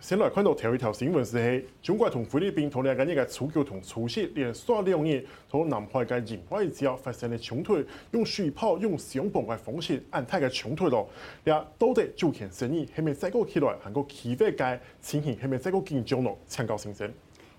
先來看到睇一條新聞，是係中國同菲律賓同兩間呢個楚橋同楚溪連三兩嘢，從南海嘅人海之後發生嘅衝突，用水炮、用上磅的方式，按太嘅衝突咯。也到底做咩生意，係咪再講起來，能夠企喺架，情形係咪再講更緊張，爭較性質？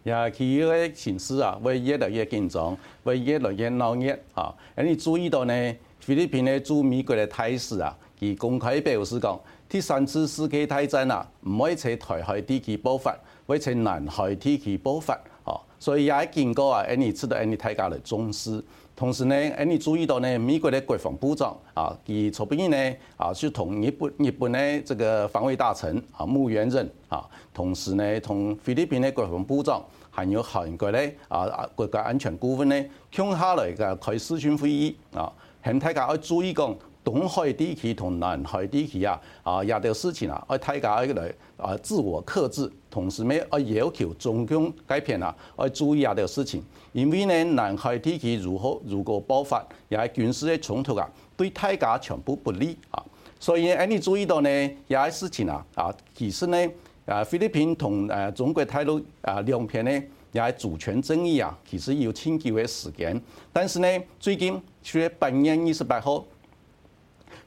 也企業嘅形勢啊，會越來越緊張，會越來越鬧熱。嚇。咁你注意到呢？菲律賓呢駐美國嘅大使啊，佢公開表示講。第三次世界大戰啊，唔可以喺台海地區爆發，可以喺南海地區爆發。嚇，所以也警告啊，誒次知道太你睇下嚟重視。同時咧誒你注意到呢，美國咧國防部長啊，佢昨天呢，啊，就同日本日本咧這個防衛大臣啊，木原稔啊，同時呢，同菲律賓咧國防部長，還有韓國咧啊國家安全顧問呢，共下嚟嘅開視訊會議啊，請大家要注意講。東海地區同南海地區啊，啊，也條事情啊，我大家要來啊，自我克制，同時呢，要要求中共改變啊，要注意廿條事情，因為呢南海地區如何如果爆發，也係軍事的衝突啊，對大家全部不利啊。所以誒，你注意到呢也條事情啊，啊，其實呢，啊呢，啊，菲律賓同啊，中國大陸啊兩邊呢，也係主權爭議啊，其實有千幾年時間，但是呢最近 product,、uh, 呢 China, exactly.，七月八月二十八號。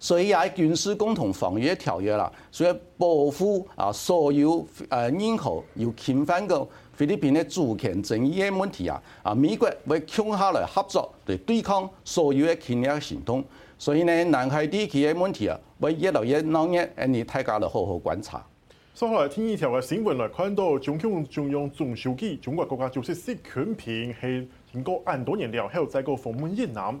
所以喺軍事共同防禦條約啦，所以保護啊所有誒人口，要侵犯過菲律賓的主權爭議的問題啊，啊美國要強化嚟合作對對抗所有的侵略行動。所以呢，南海地區嘅問題啊，會一路一路硬，你大家嚟好好觀察。後來聽氣台嘅新聞來看到中共中央總書記、中國國家主席習近平係經過廿多年後喺再個訪問越南。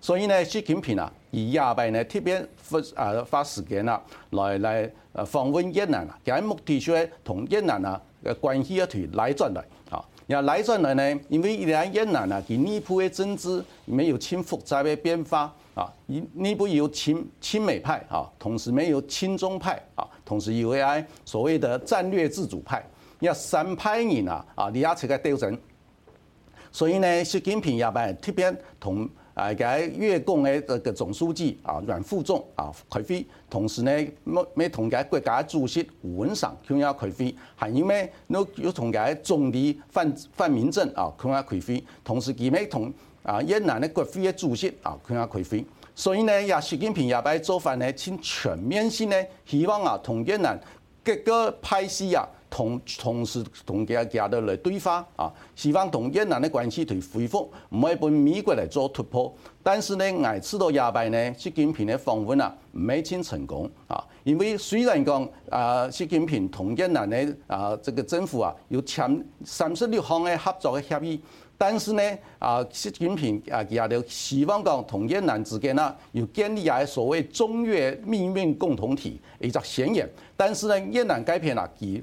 所以呢，習近平啊，而亞幣呢，特別發啊發時間啦，來來誒訪問越南啦，喺目的說同越南啊關係要來轉來啊，然來轉來呢，因為伊拉越南啊伊內部的政治沒有輕複雜嘅變化啊，伊內部有輕輕美派啊，同時沒有輕中派啊，同時 uai 所謂的戰略自主派，要三派人啊啊，你也要一齊對陣。所以呢，習近平亞幣特別同。係佢越共嘅個總書記啊，阮富仲啊，開會，同時呢要同該國家主席武文賞，佢要開會，還有呢，要要同該總理范范明政啊佢要開會，同時期呢同啊越南的國會嘅主席啊佢要開會。所以呢，也習近平也擺做法呢，先全面性呢，希望啊同越南各個派系啊。同同時同佢阿家都嚟對話啊，希望同越南嘅關係去恢復，唔可以俾美國嚟做突破。但是呢捱至到廿八呢，習近平嘅訪問啊，唔係真成功啊，因為雖然講啊，習近平同越南呢啊，這個政府啊，有簽三十六項嘅合作嘅協議，但是呢啊，習近平啊，佢也都希望講同越南之間啊，有建立啊所謂中越命運共同體，比較顯眼。但是呢，越南改變啊，佢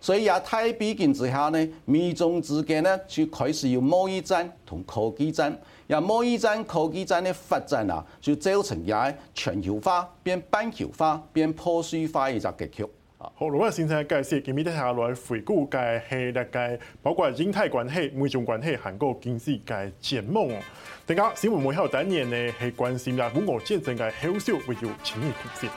所以亞太逼近之下呢，美中之間呢就開始有貿易戰同科技戰。由貿易戰、科技戰的發展啊，就造成也全球化、變半球化、變破碎化嘅一個格局。好，羅威先生嘅解釋，今面得下來回顧嘅係歷屆，包括印太關係、美中關係、韓國經濟嘅展望。大家新聞媒體近年呢係關心啊，烏俄戰爭嘅後續會有呈現出嚟？